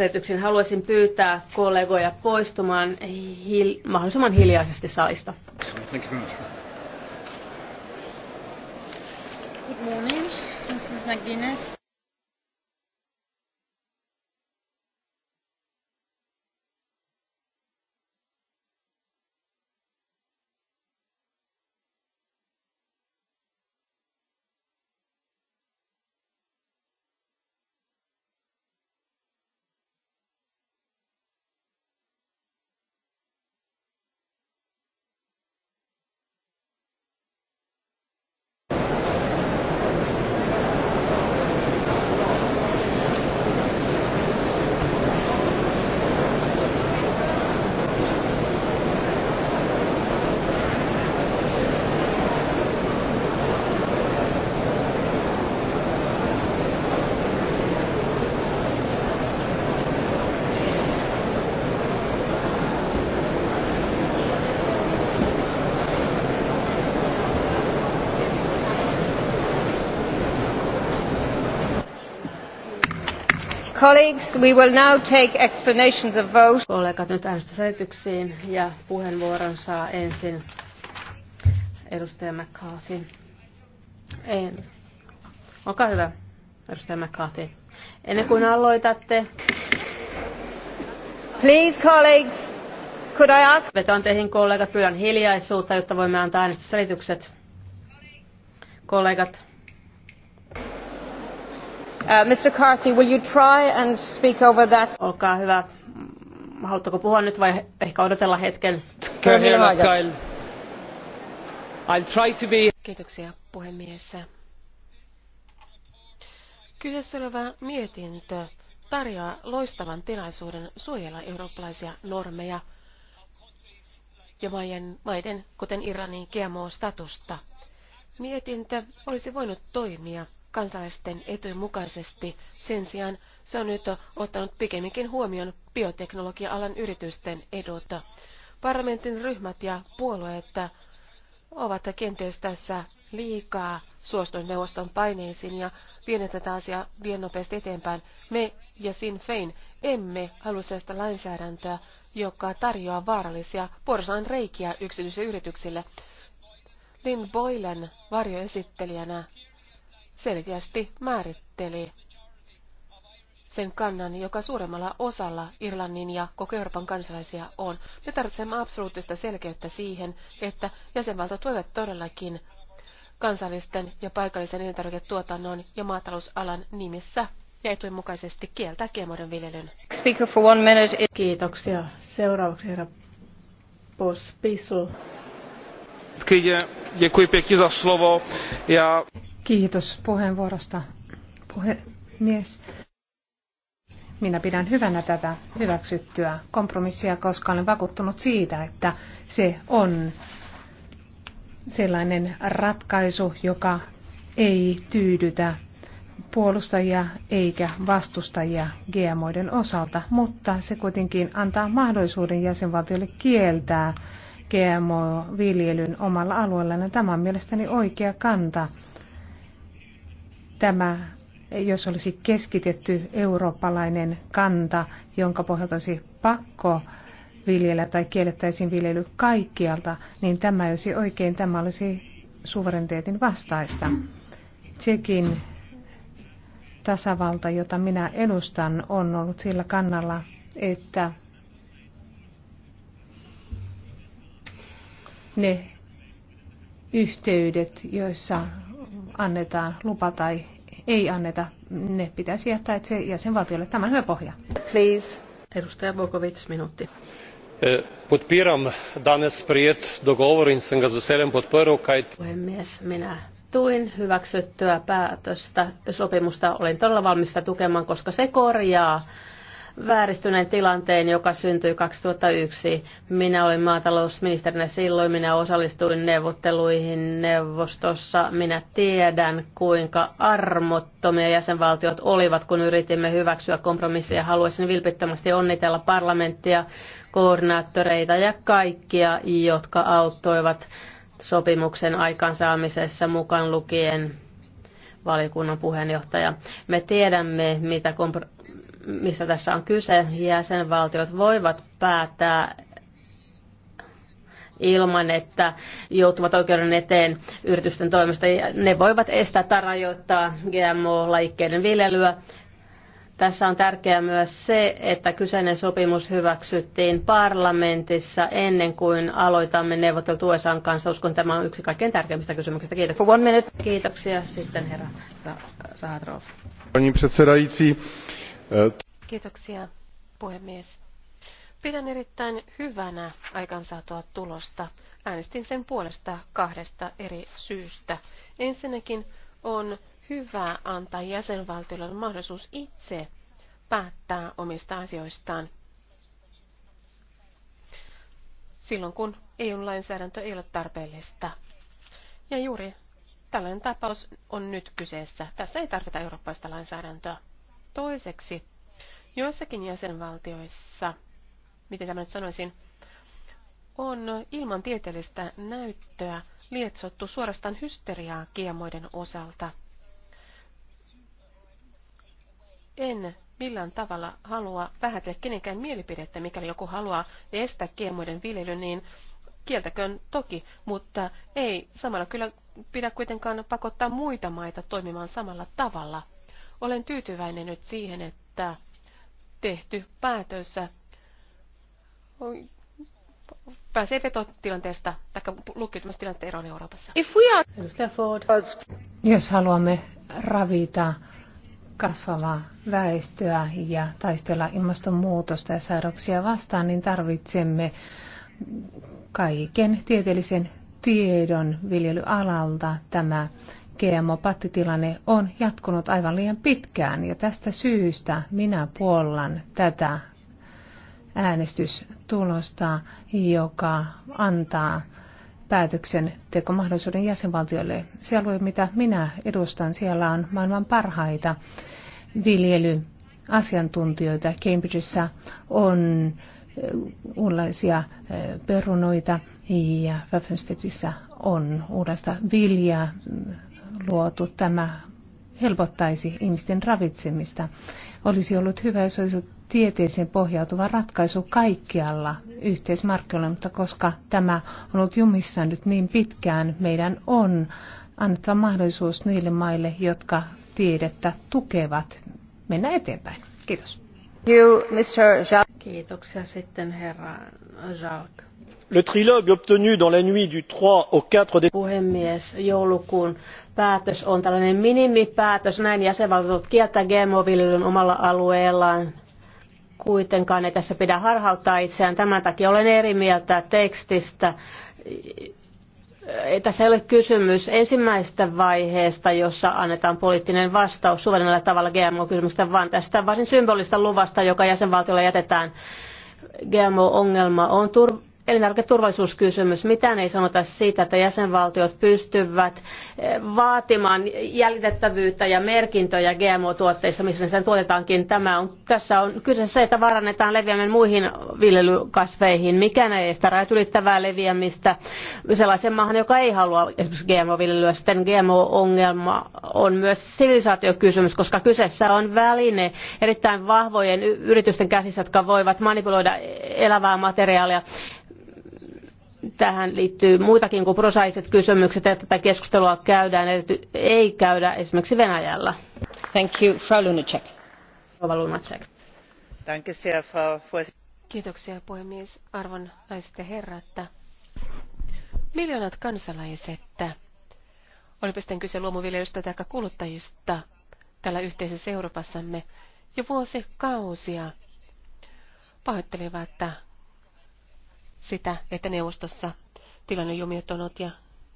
keskeytyksen. Haluaisin pyytää kollegoja poistumaan hil- mahdollisimman hiljaisesti salista. Good morning. Mrs. McGuinness. Colleagues, we will now take explanations of vote. Kollegat nyt äänestysselityksiin ja puheenvuoron saa ensin edustaja McCarthy. En. Olkaa hyvä, edustaja McCarthy. Ennen kuin aloitatte. Please, colleagues, could I ask... Vetoan teihin kollegat, pyydän hiljaisuutta, jotta voimme antaa äänestysselitykset. Kollegat. Uh, Mr. Carthy, will you try and speak over that? Olkaa hyvä. Haluatteko puhua nyt vai ehkä odotella hetken? I'll try to be... Kiitoksia puhemies. Kyseessä oleva mietintö tarjoaa loistavan tilaisuuden suojella eurooppalaisia normeja ja maiden, maiden kuten Iranin GMO-statusta. Mietintö olisi voinut toimia kansalaisten etujen mukaisesti. Sen sijaan se on nyt ottanut pikemminkin huomioon bioteknologia-alan yritysten edut. Parlamentin ryhmät ja puolueet ovat kenties tässä liikaa suostunut neuvoston paineisiin ja vienet tätä asiaa vien nopeasti eteenpäin. Me ja Sinn Fein emme halua sellaista lainsäädäntöä, joka tarjoaa vaarallisia porsaan reikiä yksityisille yrityksille. Lynn Boylen varjoesittelijänä selkeästi määritteli sen kannan, joka suuremmalla osalla Irlannin ja koko Euroopan kansalaisia on. Me tarvitsemme absoluuttista selkeyttä siihen, että jäsenvaltiot voivat todellakin kansallisten ja paikallisen elintarviketuotannon ja maatalousalan nimissä ja etujen mukaisesti kieltää kiemoiden viljelyn. Kiitoksia. Seuraavaksi herra Pospisu. Kiitos puheenvuorosta, puhemies. Minä pidän hyvänä tätä hyväksyttyä kompromissia, koska olen vakuuttunut siitä, että se on sellainen ratkaisu, joka ei tyydytä puolustajia eikä vastustajia GMOiden osalta, mutta se kuitenkin antaa mahdollisuuden jäsenvaltioille kieltää GMO-viljelyn omalla alueellaan. Tämä on mielestäni oikea kanta. Tämä, jos olisi keskitetty eurooppalainen kanta, jonka pohjalta olisi pakko viljellä tai kiellettäisiin viljely kaikkialta, niin tämä ei olisi oikein, tämä olisi suvereniteetin vastaista. Tsekin tasavalta, jota minä edustan, on ollut sillä kannalla, että ne yhteydet, joissa annetaan lupa tai ei anneta, ne pitäisi jättää se jäsenvaltiolle. Tämä on hyvä pohja. Please. Edustaja Bokovic, minuutti. E, podpiram danes prijet dogovor in sen ga z veseljem podprl, Puhemies, minä tuin hyväksyttyä päätöstä, sopimusta olen todella valmista tukemaan, koska se korjaa vääristyneen tilanteen, joka syntyi 2001. Minä olin maatalousministerinä silloin, minä osallistuin neuvotteluihin neuvostossa. Minä tiedän, kuinka armottomia jäsenvaltiot olivat, kun yritimme hyväksyä kompromisseja. Haluaisin vilpittömästi onnitella parlamenttia, koordinaattoreita ja kaikkia, jotka auttoivat sopimuksen aikaansaamisessa mukaan lukien valiokunnan puheenjohtaja. Me tiedämme, mitä mistä tässä on kyse. Jäsenvaltiot voivat päättää ilman, että joutuvat oikeuden eteen yritysten toimesta. Ne voivat estää tai rajoittaa GMO-lajikkeiden viljelyä. Tässä on tärkeää myös se, että kyseinen sopimus hyväksyttiin parlamentissa ennen kuin aloitamme neuvottelut USA kanssa. Uskon, tämä on yksi kaikkein tärkeimmistä kysymyksistä. Kiitoksia. One minute. Kiitoksia sitten herra Sahatrov. Pani Kiitoksia, puhemies. Pidän erittäin hyvänä aikansaatoa tulosta. Äänestin sen puolesta kahdesta eri syystä. Ensinnäkin on hyvä antaa jäsenvaltiolle mahdollisuus itse päättää omista asioistaan silloin, kun EU-lainsäädäntö ei ole tarpeellista. Ja juuri tällainen tapaus on nyt kyseessä. Tässä ei tarvita eurooppalaista lainsäädäntöä. Toiseksi, joissakin jäsenvaltioissa, miten tämä nyt sanoisin, on ilman tieteellistä näyttöä lietsottu suorastaan hysteriaa kiemoiden osalta. En millään tavalla halua vähätellä kenenkään mielipidettä, mikäli joku haluaa estää kiemoiden viljelyn, niin kieltäköön toki, mutta ei samalla kyllä pidä kuitenkaan pakottaa muita maita toimimaan samalla tavalla. Olen tyytyväinen nyt siihen, että tehty päätös äh, pääsee vetotilanteesta tai lukkiutumasta tilanteen eroon Euroopassa. If we are... Jos haluamme ravita kasvavaa väestöä ja taistella ilmastonmuutosta ja sairauksia vastaan, niin tarvitsemme kaiken tieteellisen tiedon viljelyalalta. Tämä GMO-pattitilanne on jatkunut aivan liian pitkään ja tästä syystä minä puollan tätä äänestystulosta, joka antaa päätöksen tekomahdollisuuden jäsenvaltioille. Se alue, mitä minä edustan, siellä on maailman parhaita viljelyasiantuntijoita. Cambridgeissa on äh, uudenlaisia äh, perunoita ja Waffenstedtissä on uudesta viljaa, luotu. Tämä helpottaisi ihmisten ravitsemista. Olisi ollut hyvä, jos olisi tieteeseen pohjautuva ratkaisu kaikkialla yhteismarkkinoilla, mutta koska tämä on ollut jumissa nyt niin pitkään, meidän on annettava mahdollisuus niille maille, jotka tiedettä tukevat, mennä eteenpäin. Kiitos. You, Mr. Kiitoksia sitten herra Jacques. Le trilogue obtenu dans la nuit du trois au quatre Puhemies, joulukuun päätös on tällainen minimipäätös. Näin jäsenvaltiot kieltää GMO-viljelyn omalla alueellaan kuitenkaan ei tässä pidä harhauttaa itseään. Tämän takia olen eri mieltä tekstistä. Tässä ei ole kysymys ensimmäisestä vaiheesta, jossa annetaan poliittinen vastaus suverenella tavalla gmo kysymystä vaan tästä varsin symbolista luvasta, joka jäsenvaltiolle jätetään. GMO-ongelma on elintarviketurvallisuuskysymys. Mitään ei sanota siitä, että jäsenvaltiot pystyvät eh, vaatimaan jäljitettävyyttä ja merkintöjä GMO-tuotteissa, missä sen tuotetaankin. Tämä on, tässä on kyse se, että varannetaan leviäminen muihin viljelykasveihin. Mikään ei estä rajat ylittävää leviämistä sellaisen maahan, joka ei halua esimerkiksi GMO-viljelyä. Sitten GMO-ongelma on myös sivilisaatiokysymys, koska kyseessä on väline erittäin vahvojen yritysten käsissä, jotka voivat manipuloida elävää materiaalia tähän liittyy muitakin kuin prosaiset kysymykset, että tätä keskustelua käydään, ei käydä esimerkiksi Venäjällä. Thank you, Frau Lunacek. Lunacek. Kiitoksia puhemies, arvon naiset ja herrat. Miljoonat kansalaiset, olipa sitten kyse luomuviljelystä tai kuluttajista täällä yhteisessä Euroopassamme, jo vuosikausia pahoittelivat sitä, että neuvostossa tilanne jumiutunut ja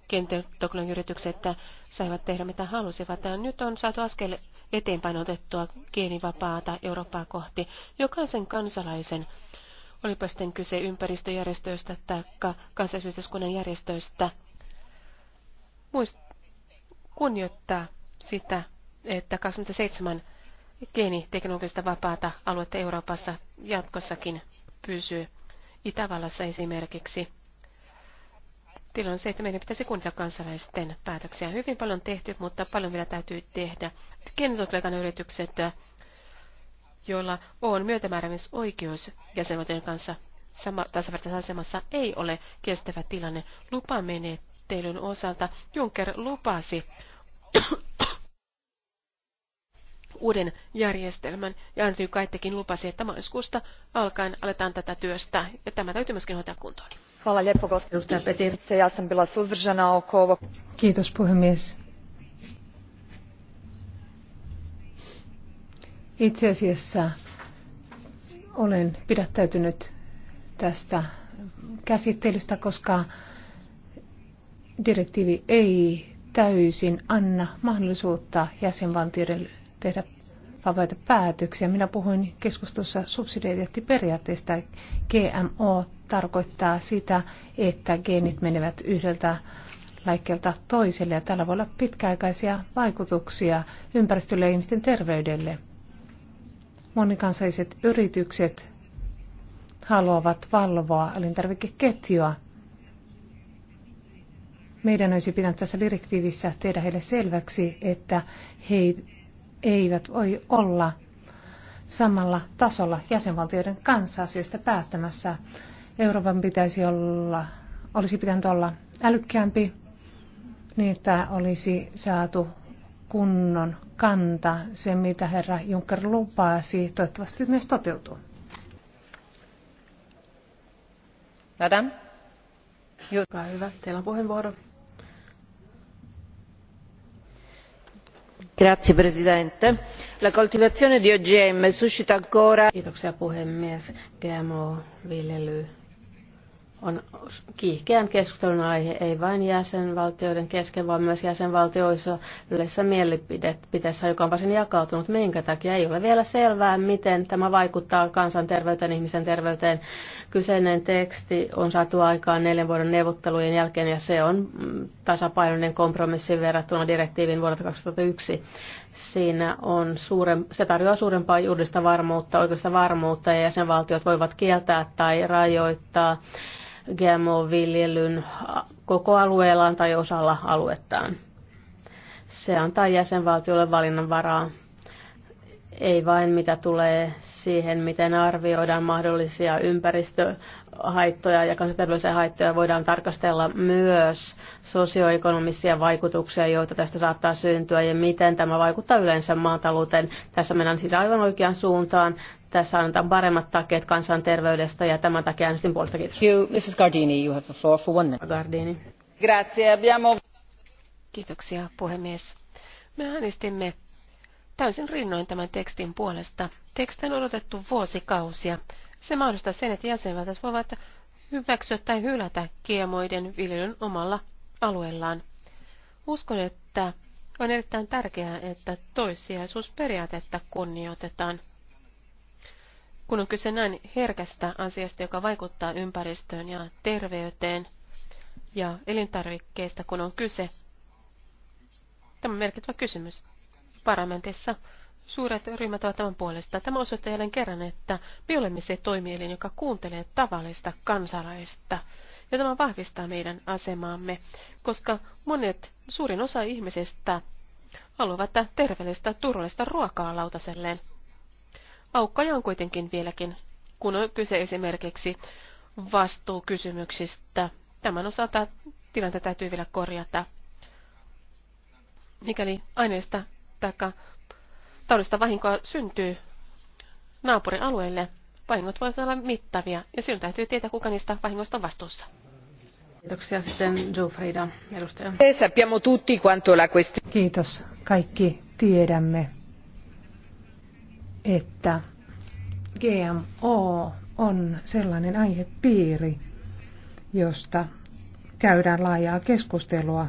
kenttätoklon yritykset saivat tehdä mitä halusivat. Ja nyt on saatu askel eteenpäin otettua geenivapaata Eurooppaa kohti jokaisen kansalaisen, olipa sitten kyse ympäristöjärjestöistä tai kansallisyhteiskunnan järjestöistä, muist kunnioittaa sitä, että 27 geeniteknologista vapaata aluetta Euroopassa jatkossakin pysyy. Itävallassa esimerkiksi. Tilanne on se, että meidän pitäisi kuunnella kansalaisten päätöksiä. Hyvin paljon tehty, mutta paljon vielä täytyy tehdä. Genetikleikan yritykset, joilla on myötämääräämisoikeus jäsenvaltion kanssa sama, tasavertaisessa asemassa, ei ole kestävä tilanne lupamenettelyn osalta. Juncker lupasi uuden järjestelmän ja Andrew Kaittekin lupasi, että maaliskuusta alkaen aletaan tätä työstä ja tämä täytyy myöskin hoitaa kuntoon. Kiitos puhemies. Itse asiassa olen pidättäytynyt tästä käsittelystä, koska direktiivi ei täysin anna mahdollisuutta jäsenvaltioiden tehdä vapaita päätöksiä. Minä puhuin keskustelussa subsidiariteettiperiaatteesta. GMO tarkoittaa sitä, että geenit menevät yhdeltä laikkeelta toiselle ja tällä voi olla pitkäaikaisia vaikutuksia ympäristölle ja ihmisten terveydelle. Monikansalliset yritykset haluavat valvoa elintarvikeketjua. Meidän olisi pitänyt tässä direktiivissä tehdä heille selväksi, että he eivät voi olla samalla tasolla jäsenvaltioiden kanssa asioista päättämässä. Euroopan pitäisi olla, olisi pitänyt olla älykkäämpi, niin että olisi saatu kunnon kanta, se mitä herra Juncker lupasi, toivottavasti myös toteutuu. Madame. Joka hyvä, teillä on puheenvuoro. La di ogm suscita ancora on kiihkeän keskustelun aihe, ei vain jäsenvaltioiden kesken, vaan myös jäsenvaltioissa yleensä mielipiteessä, joka on varsin jakautunut, minkä takia ei ole vielä selvää, miten tämä vaikuttaa kansanterveyteen, ihmisen terveyteen. Kyseinen teksti on saatu aikaan neljän vuoden neuvottelujen jälkeen, ja se on tasapainoinen kompromissi verrattuna direktiivin vuodelta 2001. Siinä on suuren, se tarjoaa suurempaa juridista varmuutta, oikeudellista varmuutta, ja jäsenvaltiot voivat kieltää tai rajoittaa GMO-viljelyn koko alueellaan tai osalla aluettaan. Se antaa jäsenvaltiolle valinnanvaraa, ei vain mitä tulee siihen, miten arvioidaan mahdollisia ympäristöhaittoja ja kansainvälisiä haittoja, voidaan tarkastella myös sosioekonomisia vaikutuksia, joita tästä saattaa syntyä ja miten tämä vaikuttaa yleensä maatalouteen. Tässä mennään siis aivan oikeaan suuntaan tässä annetaan paremmat takeet kansanterveydestä ja tämän takia äänestin puolesta. Kiitos. You, Mrs. Gardini, you have the floor for one minute. Gardini. Grazie, abbiamo... Kiitoksia puhemies. Me äänestimme täysin rinnoin tämän tekstin puolesta. Teksti on odotettu vuosikausia. Se mahdollistaa sen, että jäsenvaltiot voivat hyväksyä tai hylätä kiemoiden viljelyn omalla alueellaan. Uskon, että on erittäin tärkeää, että toissijaisuusperiaatetta kunnioitetaan – kun on kyse näin herkästä asiasta, joka vaikuttaa ympäristöön ja terveyteen ja elintarvikkeista, kun on kyse, tämä on merkittävä kysymys. Parlamentissa suuret ryhmät ovat tämän puolesta. Tämä osoittaa jälleen kerran, että me olemme se toimielin, joka kuuntelee tavallista kansalaista. Ja tämä vahvistaa meidän asemaamme, koska monet, suurin osa ihmisistä haluavat terveellistä, turvallista ruokaa lautaselleen. Aukkoja on kuitenkin vieläkin, kun on kyse esimerkiksi vastuukysymyksistä. Tämän osalta tilanne täytyy vielä korjata. Mikäli aineista tai taudista vahinkoa syntyy naapurialueelle, vahingot voivat olla mittavia ja silloin täytyy tietää, kuka niistä vahingoista on vastuussa. Kiitoksia sitten Jufrida, Kiitos. Kaikki tiedämme, että GMO on sellainen aihepiiri, josta käydään laajaa keskustelua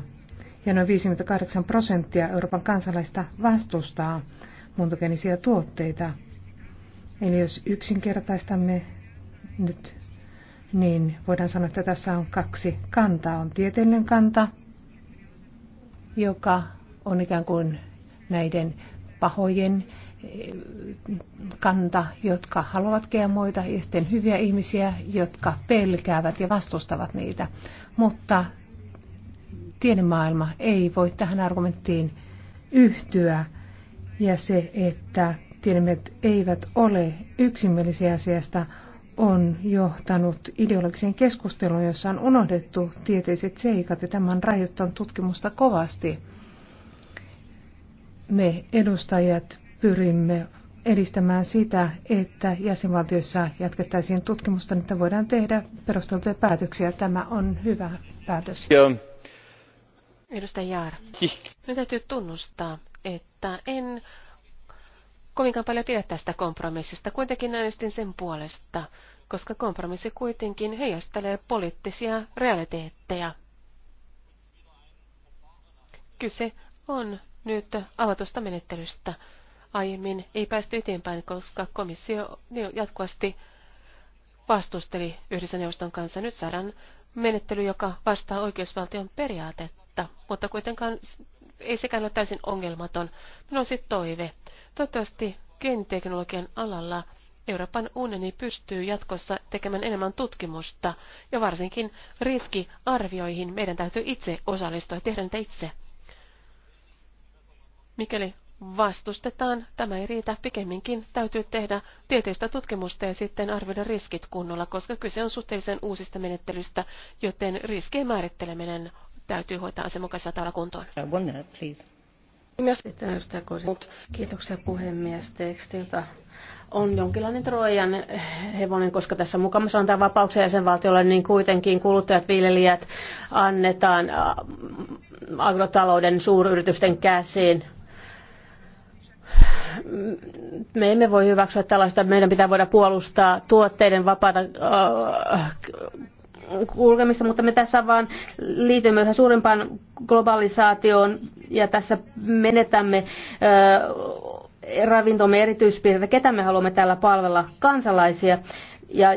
ja noin 58 prosenttia Euroopan kansalaista vastustaa muuntogenisiä tuotteita. Eli jos yksinkertaistamme nyt, niin voidaan sanoa, että tässä on kaksi kantaa. On tieteellinen kanta, joka on ikään kuin näiden pahojen kanta, jotka haluavat GMOita ja sitten hyviä ihmisiä, jotka pelkäävät ja vastustavat niitä. Mutta tiedemaailma ei voi tähän argumenttiin yhtyä ja se, että tiedemiehet eivät ole yksimielisiä asiasta, on johtanut ideologiseen keskusteluun, jossa on unohdettu tieteiset seikat ja tämä on rajoittanut tutkimusta kovasti. Me edustajat pyrimme edistämään sitä, että jäsenvaltioissa jatkettaisiin tutkimusta, niin että voidaan tehdä perusteltuja päätöksiä. Tämä on hyvä päätös. Joo. Edustaja Jaara. Nyt täytyy tunnustaa, että en kovinkaan paljon pidä tästä kompromissista. Kuitenkin äänestin sen puolesta, koska kompromissi kuitenkin heijastelee poliittisia realiteetteja. Kyse on nyt avatusta menettelystä aiemmin ei päästy eteenpäin, koska komissio jatkuvasti vastusteli yhdessä neuvoston kanssa. Nyt saadaan menettely, joka vastaa oikeusvaltion periaatetta, mutta kuitenkaan ei sekään ole täysin ongelmaton. Minulla on sitten toive. Toivottavasti geeniteknologian alalla Euroopan unioni pystyy jatkossa tekemään enemmän tutkimusta ja varsinkin riskiarvioihin meidän täytyy itse osallistua ja tehdä niitä itse. Mikäli vastustetaan, tämä ei riitä. Pikemminkin täytyy tehdä tieteistä tutkimusta ja sitten arvioida riskit kunnolla, koska kyse on suhteellisen uusista menettelystä, joten riskien määritteleminen täytyy hoitaa asianmukaisella tavalla kuntoon. Uh, Kiitoksia puhemies tekstiltä. On jonkinlainen Trojan hevonen, koska tässä mukamassa tämä vapauksia jäsenvaltiolle, niin kuitenkin kuluttajat, viljelijät annetaan äh, agrotalouden suuryritysten käsiin me emme voi hyväksyä tällaista. Meidän pitää voida puolustaa tuotteiden vapaata äh, kulkemista, mutta me tässä vaan liitymme yhä suurimpaan globalisaatioon ja tässä menetämme äh, ravintomme erityispiirteitä, ketä me haluamme täällä palvella kansalaisia ja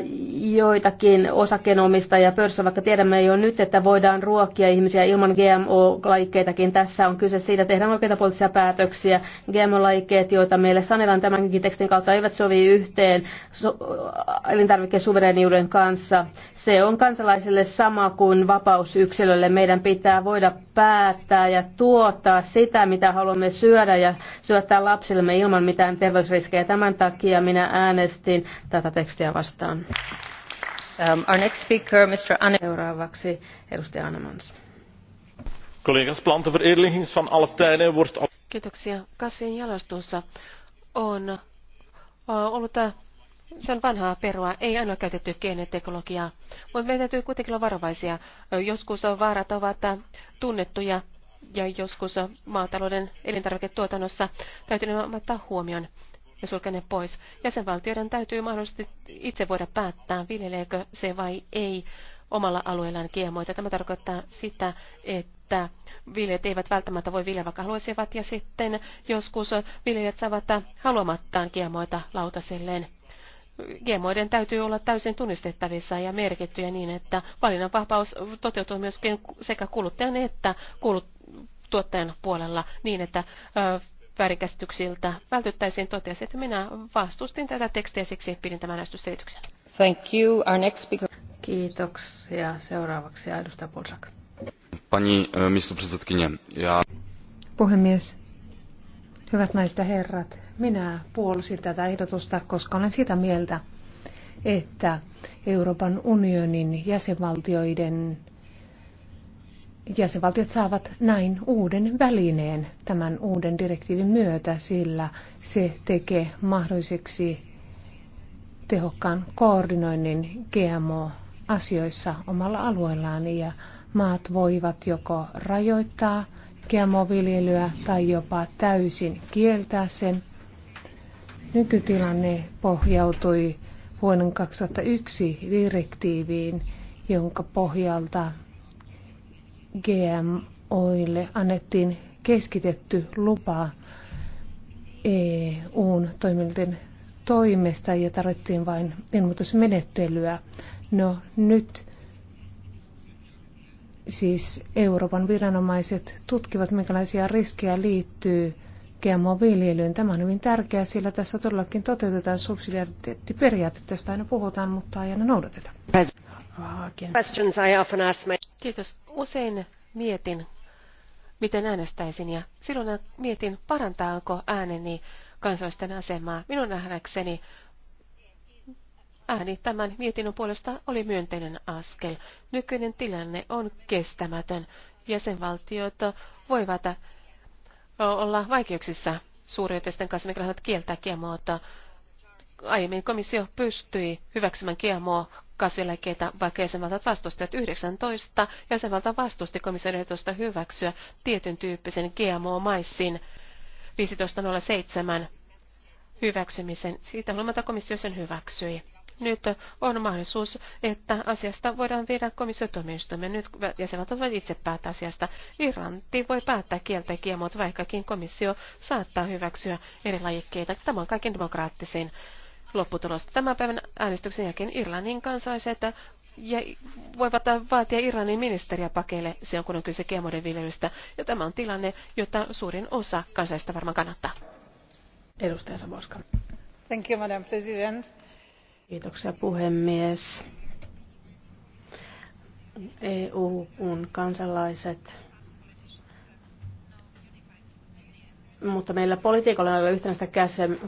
joitakin osakkeenomistajia pörssissä, vaikka tiedämme jo nyt, että voidaan ruokkia ihmisiä ilman gmo laikkeitakin Tässä on kyse siitä, että tehdään oikeita poliittisia päätöksiä. gmo laikkeet joita meille sanellaan tämänkin tekstin kautta, eivät sovi yhteen so- elintarvikesuvereniuden kanssa. Se on kansalaisille sama kuin vapaus yksilölle. Meidän pitää voida päättää ja tuottaa sitä, mitä haluamme syödä ja syöttää lapsillemme ilman mitään terveysriskejä. Tämän takia minä äänestin tätä tekstiä vastaan vastaan. Um, our next speaker, Mr. Anne. Seuraavaksi edustaja Annemans. Collega's van alle tijden wordt... Kiitoksia. Kasvien jalostussa on uh, ollut uh, se on vanhaa perua, ei aina käytetty geeniteknologiaa, mutta meidän täytyy kuitenkin olla varovaisia. Uh, joskus on vaarat ovat tunnettuja ja joskus maatalouden elintarviketuotannossa täytyy ottaa huomioon ja sulke ne pois. Jäsenvaltioiden täytyy mahdollisesti itse voida päättää, viljeleekö se vai ei omalla alueellaan kiemoita. Tämä tarkoittaa sitä, että viljelijät eivät välttämättä voi viljellä vaikka haluaisivat, ja sitten joskus viljelijät saavat haluamattaan kiemoita lautaselleen. Kiemoiden täytyy olla täysin tunnistettavissa ja merkittyjä niin, että valinnanvapaus toteutuu myöskin sekä kuluttajan että kulut- tuottajan puolella niin, että väärinkäsityksiltä vältyttäisiin, totesi, että minä vastustin tätä tekstiä, siksi pidin tämän äänestysselityksen. Thank you. Our next speaker... Kiitoksia. Seuraavaksi edustaja Polsak. Pani e, mistopresidentkinja. Ja... Puhemies, hyvät naiset ja herrat, minä puolusin tätä ehdotusta, koska olen sitä mieltä, että Euroopan unionin jäsenvaltioiden jäsenvaltiot saavat näin uuden välineen tämän uuden direktiivin myötä, sillä se tekee mahdolliseksi tehokkaan koordinoinnin GMO-asioissa omalla alueellaan ja maat voivat joko rajoittaa GMO-viljelyä tai jopa täysin kieltää sen. Nykytilanne pohjautui vuoden 2001 direktiiviin, jonka pohjalta GMOille annettiin keskitetty lupa EUn toimilten toimesta ja tarvittiin vain ilmoitusmenettelyä. No nyt siis Euroopan viranomaiset tutkivat, minkälaisia riskejä liittyy GMO-viljelyyn. Tämä on hyvin tärkeää, sillä tässä todellakin toteutetaan subsidiariteettiperiaatetta, josta aina puhutaan, mutta ei aina noudateta. Usein mietin, miten äänestäisin ja silloin mietin, parantaako ääneni kansalaisten asemaa. Minun nähdäkseni ääni tämän mietinnön puolesta oli myönteinen askel. Nykyinen tilanne on kestämätön. Jäsenvaltiot voivat olla vaikeuksissa suuriyritysten kanssa, mikä haluavat kieltää kiemoota. Aiemmin komissio pystyi hyväksymään kiemoa kasvieläkkeitä, vaikka jäsenvaltat vastustivat 19, jäsenvalta vastusti komission ehdotusta hyväksyä tietyn tyyppisen GMO-maissin 15.07 hyväksymisen. Siitä huolimatta komissio sen hyväksyi. Nyt on mahdollisuus, että asiasta voidaan viedä komissiotuomioistuimeen. Nyt jäsenvaltiot voivat itse päättää asiasta. Irlanti voi päättää kieltä ja vaikkakin komissio saattaa hyväksyä eri lajikkeita. Tämä on kaiken demokraattisin Lopputulos Tämän päivän äänestyksen jälkeen Irlannin kansalaiset äh, ja voivat vaatia Irlannin ministeriä pakeille silloin, kun on kyse kemoiden viljelystä. Ja tämä on tilanne, jota suurin osa kansalaisista varmaan kannattaa. Edustaja Samoska. Thank you, Madam President. Kiitoksia puhemies. eu kansalaiset mutta meillä poliitikolla ei ole yhtenäistä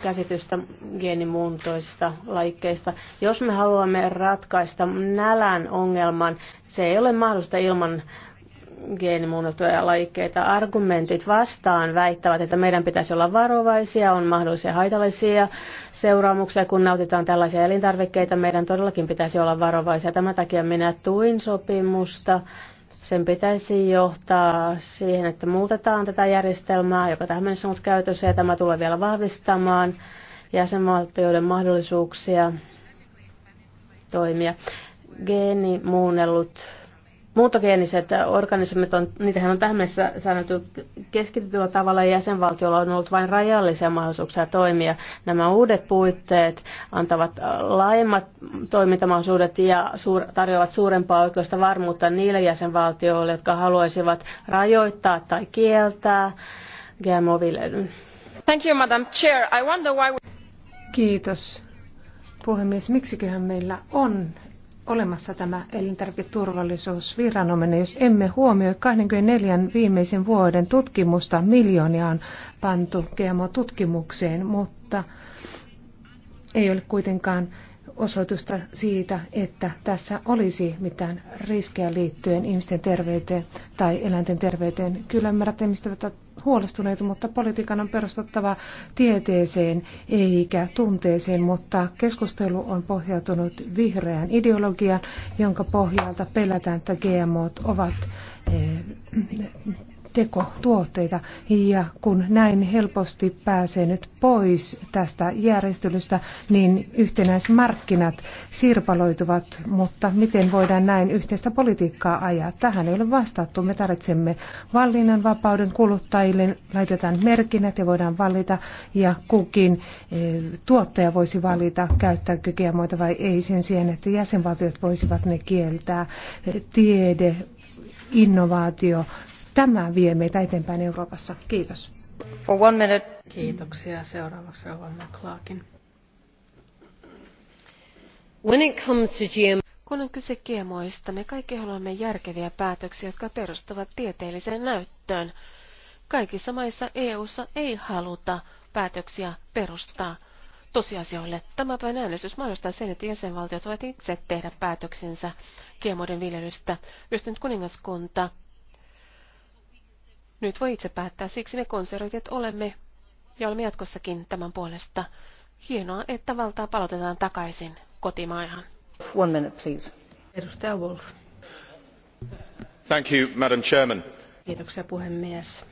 käsitystä geenimuuntoisista laikkeista. Jos me haluamme ratkaista nälän ongelman, se ei ole mahdollista ilman geenimuunneltuja lajikkeita. Argumentit vastaan väittävät, että meidän pitäisi olla varovaisia, on mahdollisia haitallisia seuraamuksia, kun nautitaan tällaisia elintarvikkeita. Meidän todellakin pitäisi olla varovaisia. Tämän takia minä tuin sopimusta sen pitäisi johtaa siihen, että muutetaan tätä järjestelmää, joka tähän mennessä on ollut käytössä, ja tämä tulee vielä vahvistamaan jäsenvaltioiden mahdollisuuksia toimia. Geenimuunnellut muuntogeeniset organismit, on, niitähän on tähän mennessä säännelty keskitetyllä tavalla ja jäsenvaltiolla on ollut vain rajallisia mahdollisuuksia toimia. Nämä uudet puitteet antavat laajemmat toimintamahdollisuudet ja suur, tarjoavat suurempaa oikeusta varmuutta niille jäsenvaltioille, jotka haluaisivat rajoittaa tai kieltää GMO-viljelyn. Thank you, Madam Chair. I wonder why... Kiitos. Puhemies, miksiköhän meillä on olemassa tämä elintarviketurvallisuusviranomainen, jos emme huomioi 24 viimeisen vuoden tutkimusta, miljoonia on pantu GMO-tutkimukseen, mutta ei ole kuitenkaan osoitusta siitä, että tässä olisi mitään riskejä liittyen ihmisten terveyteen tai eläinten terveyteen. Kyllä ymmärrätte, mistä huolestuneita, mutta politiikan on perustettava tieteeseen eikä tunteeseen, mutta keskustelu on pohjautunut vihreään ideologiaan, jonka pohjalta pelätään, että GMOt ovat eh, tekotuotteita. Ja kun näin helposti pääsee nyt pois tästä järjestelystä, niin yhtenäismarkkinat sirpaloituvat, mutta miten voidaan näin yhteistä politiikkaa ajaa? Tähän ei ole vastattu. Me tarvitsemme valinnan vapauden kuluttajille, laitetaan merkinnät ja voidaan valita ja kukin eh, tuottaja voisi valita, käyttää kykyä, muita vai ei sen sijaan, että jäsenvaltiot voisivat ne kieltää. Eh, tiede, innovaatio Tämä vie meitä eteenpäin Euroopassa. Kiitos. For one minute. Kiitoksia. Seuraavaksi Rowan McClarkin. When it comes to GM... Kun on kyse GMOista, me kaikki haluamme järkeviä päätöksiä, jotka perustuvat tieteelliseen näyttöön. Kaikissa maissa EU:ssa ei haluta päätöksiä perustaa tosiasioille. Tämä päivän äänestys mahdollistaa sen, että jäsenvaltiot voivat itse tehdä päätöksensä GMOiden viljelystä. Yhtynyt kuningaskunta nyt voi itse päättää, siksi me konservatiivit olemme ja olemme jatkossakin tämän puolesta. Hienoa, että valtaa palautetaan takaisin kotimaahan. One minute, please. Edustaja Wolf. Thank you, Madam Chairman. Kiitoksia puhemies.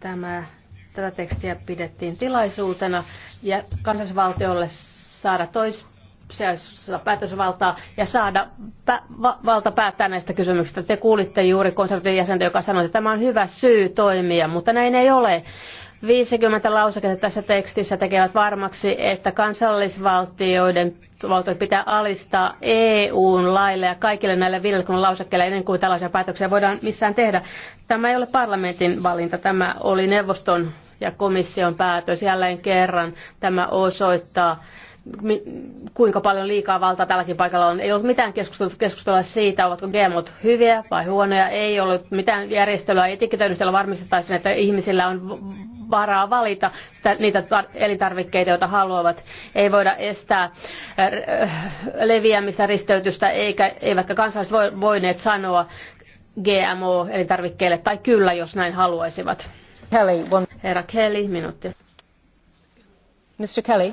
Tämä, tätä tekstiä pidettiin tilaisuutena ja kansallisvaltiolle saada tois päätösvaltaa ja saada pä- va- valta päättää näistä kysymyksistä. Te kuulitte juuri konsertin jäsentä, joka sanoi, että tämä on hyvä syy toimia, mutta näin ei ole. 50 lauseketta tässä tekstissä tekevät varmaksi, että kansallisvaltioiden valtio pitää alistaa EUn laille ja kaikille näille 50 lausekkeille ennen kuin tällaisia päätöksiä voidaan missään tehdä. Tämä ei ole parlamentin valinta, tämä oli neuvoston ja komission päätös. Jälleen kerran tämä osoittaa kuinka paljon liikaa valtaa tälläkin paikalla on. Ei ollut mitään keskustelua, keskustelua siitä, ovatko GMOt hyviä vai huonoja. Ei ollut mitään järjestelyä etiketöinnistellä varmistettaisiin, että ihmisillä on varaa valita sitä, niitä elintarvikkeita, joita haluavat. Ei voida estää äh, leviämistä, risteytystä, eikä, eivätkä kansalaiset voi, voineet sanoa GMO-elintarvikkeille tai kyllä, jos näin haluaisivat. Kelly, one... Herra Kelly, minuutti. Mr. Kelly.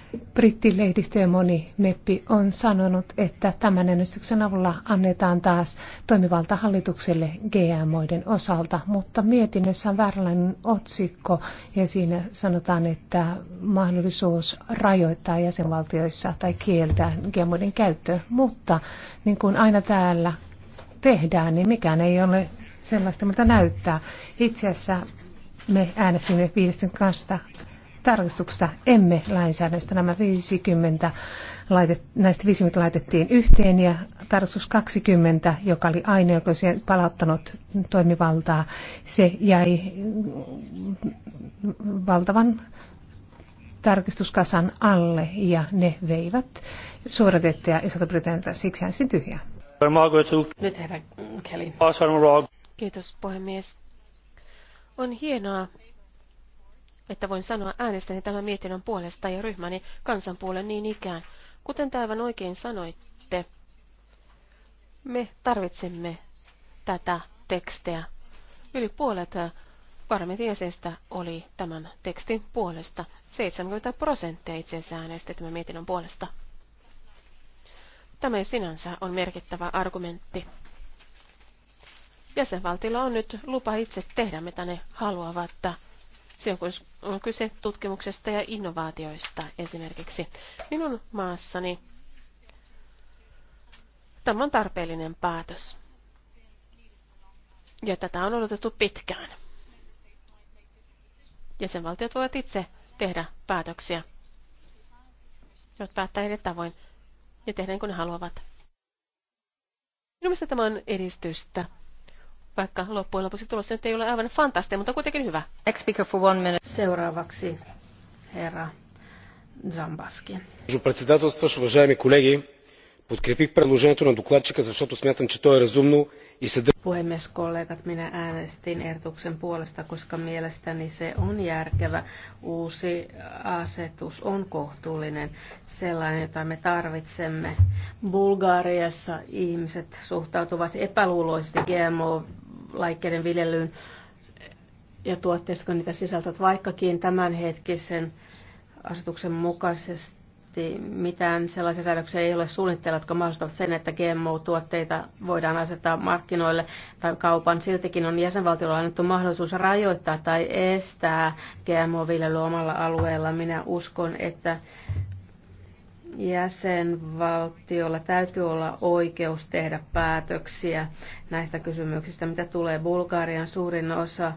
brittilehdistö ja moni meppi on sanonut, että tämän ennustuksen avulla annetaan taas toimivalta hallitukselle GMOiden osalta, mutta mietinnössä on vääränlainen otsikko ja siinä sanotaan, että mahdollisuus rajoittaa jäsenvaltioissa tai kieltää GMOiden käyttöä, mutta niin kuin aina täällä tehdään, niin mikään ei ole sellaista, mitä näyttää. Itse asiassa me äänestimme kanssa tarkastuksesta emme lainsäädännöstä. Nämä 50 laitet, näistä 50 laitettiin yhteen ja tarkastus 20, joka oli aina, joka oli palauttanut toimivaltaa, se jäi valtavan tarkistuskasan alle ja ne veivät suoratettia Isolta-Britannialta siksi hän tyhjää. Nyt herra Kelly. Kiitos puhemies. On hienoa, että voin sanoa äänestäni tämän mietinnön puolesta ja ryhmäni kansanpuolen niin ikään. Kuten aivan oikein sanoitte, me tarvitsemme tätä tekstiä. Yli puolet parlamentin jäsenistä oli tämän tekstin puolesta. 70 prosenttia itse asiassa äänesti tämän mietinnön puolesta. Tämä jo sinänsä on merkittävä argumentti. Jäsenvaltiolla on nyt lupa itse tehdä, mitä ne haluavat silloin kun on kyse tutkimuksesta ja innovaatioista esimerkiksi. Minun maassani tämä on tarpeellinen päätös. Ja tätä on odotettu pitkään. Jäsenvaltiot voivat itse tehdä päätöksiä, jotka päättää eri tavoin ja tehdä niin kuin ne haluavat. Minun mielestä tämä on edistystä vaikka loppujen lopuksi tulossa nyt ei ole aivan fantastinen, mutta kuitenkin hyvä. speaker for one minute. Seuraavaksi herra Zambaski. Госпожо председателстващ, уважаеми колеги, подкрепих предложението на докладчика, защото смятам, че то е разумно и съдържа... Puhemies, kollegat, minä äänestin ehdotuksen puolesta, koska mielestäni se on järkevä. Uusi asetus on kohtuullinen, sellainen, jota me tarvitsemme. Bulgariassa ihmiset suhtautuvat epäluuloisesti GMO laikkeiden viljelyyn ja tuotteista, kun niitä sisältävät, vaikkakin tämänhetkisen asetuksen mukaisesti mitään sellaisia säädöksiä ei ole suunnitteilla, jotka mahdollistavat sen, että GMO-tuotteita voidaan asettaa markkinoille tai kaupan. Siltikin on jäsenvaltiolla annettu mahdollisuus rajoittaa tai estää GMO-viljely omalla alueella. Minä uskon, että jäsenvaltiolla täytyy olla oikeus tehdä päätöksiä näistä kysymyksistä, mitä tulee Bulgarian suurin osa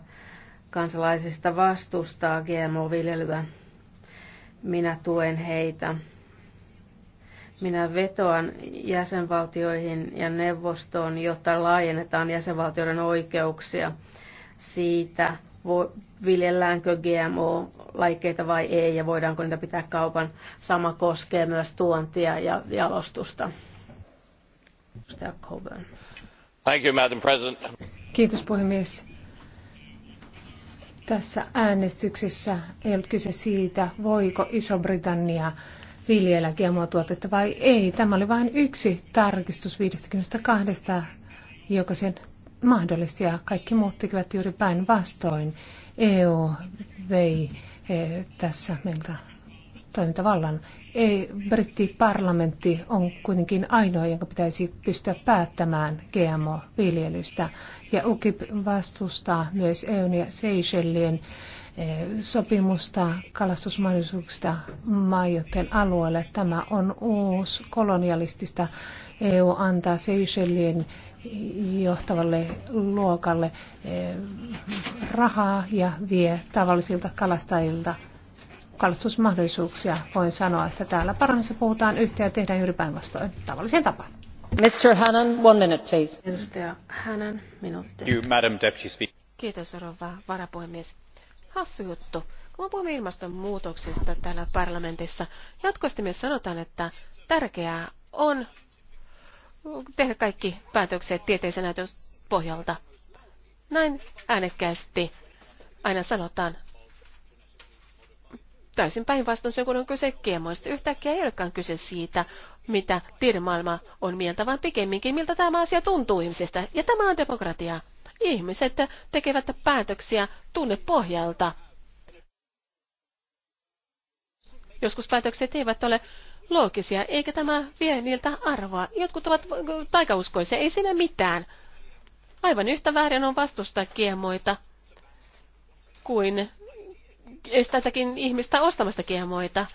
kansalaisista vastustaa GMO-viljelyä. Minä tuen heitä. Minä vetoan jäsenvaltioihin ja neuvostoon, jotta laajennetaan jäsenvaltioiden oikeuksia siitä, viljelläänkö GMO-laikkeita vai ei ja voidaanko niitä pitää kaupan. Sama koskee myös tuontia ja jalostusta. Thank you, Madam President. Kiitos puhemies. Tässä äänestyksessä ei ollut kyse siitä, voiko Iso-Britannia viljellä GMO-tuotetta vai ei. Tämä oli vain yksi tarkistus 52, joka sen mahdollisia. Kaikki muut tekivät juuri päinvastoin. EU vei eh, tässä meiltä toimintavallan. Ei, brittiparlamentti on kuitenkin ainoa, jonka pitäisi pystyä päättämään GMO-viljelystä. Ja UKIP vastustaa myös EUn ja Seychellien eh, sopimusta kalastusmahdollisuuksista maajoiden alueelle. Tämä on uusi kolonialistista. EU antaa Seychellien johtavalle luokalle eh, rahaa ja vie tavallisilta kalastajilta kalastusmahdollisuuksia. Voin sanoa, että täällä parannassa puhutaan yhtä ja tehdään juuri päinvastoin tavalliseen tapaan. Mr. Hannan, one minute, please. Edustaja Hannan, minuutti. You, Madam Deputy Speaker. Kiitos, rouva varapuhemies. Hassu juttu. Kun me puhumme ilmastonmuutoksesta täällä parlamentissa, jatkuvasti me sanotaan, että tärkeää on tehdä kaikki päätökset tieteisen näytön pohjalta. Näin äänekkäästi aina sanotaan. Täysin päinvastoin, kun on kyse kiemoista. Yhtäkkiä ei olekaan kyse siitä, mitä tiedemaailma on mieltä, vaan pikemminkin, miltä tämä asia tuntuu ihmisestä. Ja tämä on demokratia. Ihmiset tekevät päätöksiä tunnepohjalta. Joskus päätökset eivät ole loogisia, eikä tämä vie niiltä arvoa. Jotkut ovat taikauskoisia, ei siinä mitään. Aivan yhtä väärin on vastustaa kiemoita kuin estätäkin ihmistä ostamasta kiemoita.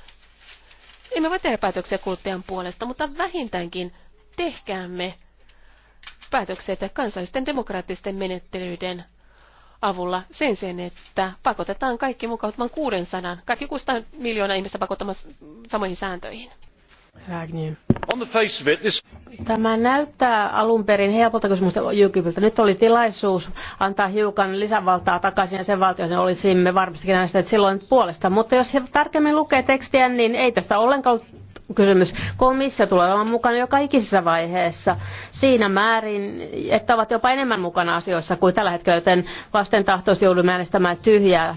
Emme voi tehdä päätöksiä kuluttajan puolesta, mutta vähintäänkin tehkäämme päätökset kansallisten demokraattisten menettelyiden avulla sen sen, että pakotetaan kaikki mukautumaan 600, kaikki 600 miljoonaa ihmistä pakottamaan samoihin sääntöihin. Tämä näyttää alun perin helpolta kysymystä YouTubelta. Nyt oli tilaisuus antaa hiukan lisävaltaa takaisin ja sen valtioon niin olisimme varmastikin äänestäneet silloin puolesta. Mutta jos tarkemmin lukee tekstiä, niin ei tästä ollenkaan kysymys. Komissio tulee olemaan mukana jo kaikissa vaiheessa siinä määrin, että ovat jopa enemmän mukana asioissa kuin tällä hetkellä, joten tahtoisi joudumme äänestämään tyhjää.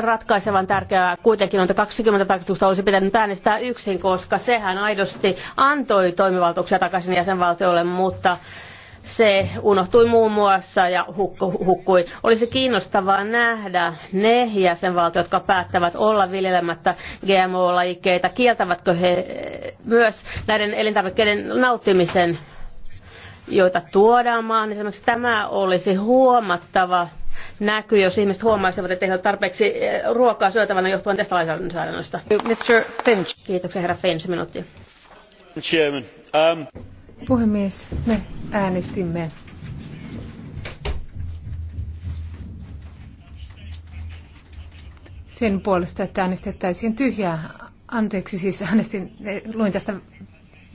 Ratkaisevan tärkeää kuitenkin on, että 20 tarkistusta olisi pitänyt äänestää yksin, koska sehän aidosti antoi toimivaltuuksia takaisin jäsenvaltiolle, mutta se unohtui muun muassa ja hukku, hukkui. Olisi kiinnostavaa nähdä ne jäsenvaltiot, jotka päättävät olla viljelemättä GMO-lajikkeita, kieltävätkö he eh, myös näiden elintarvikkeiden nauttimisen, joita tuodaan maahan. Esimerkiksi tämä olisi huomattava näkyy, jos ihmiset huomaisivat, että ei ole tarpeeksi eh, ruokaa syötävänä johtuvan tästä lainsäädännöstä. Mr. Finch. Kiitoksia herra Finch, minuutti. Chairman, um... Puhemies, me äänestimme sen puolesta, että äänestettäisiin tyhjää. Anteeksi, siis äänestin, luin tästä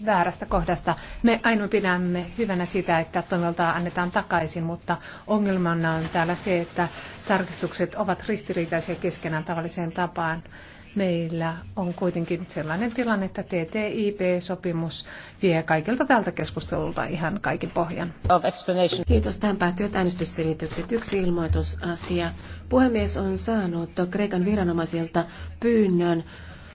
väärästä kohdasta. Me ainoa pidämme hyvänä sitä, että toimivaltaa annetaan takaisin, mutta ongelmana on täällä se, että tarkistukset ovat ristiriitaisia keskenään tavalliseen tapaan meillä on kuitenkin sellainen tilanne, että TTIP-sopimus vie kaikilta tältä keskustelulta ihan kaikin pohjan. Kiitos. Tähän päättyy äänestysselitykset. Yksi ilmoitusasia. Puhemies on saanut Kreikan viranomaisilta pyynnön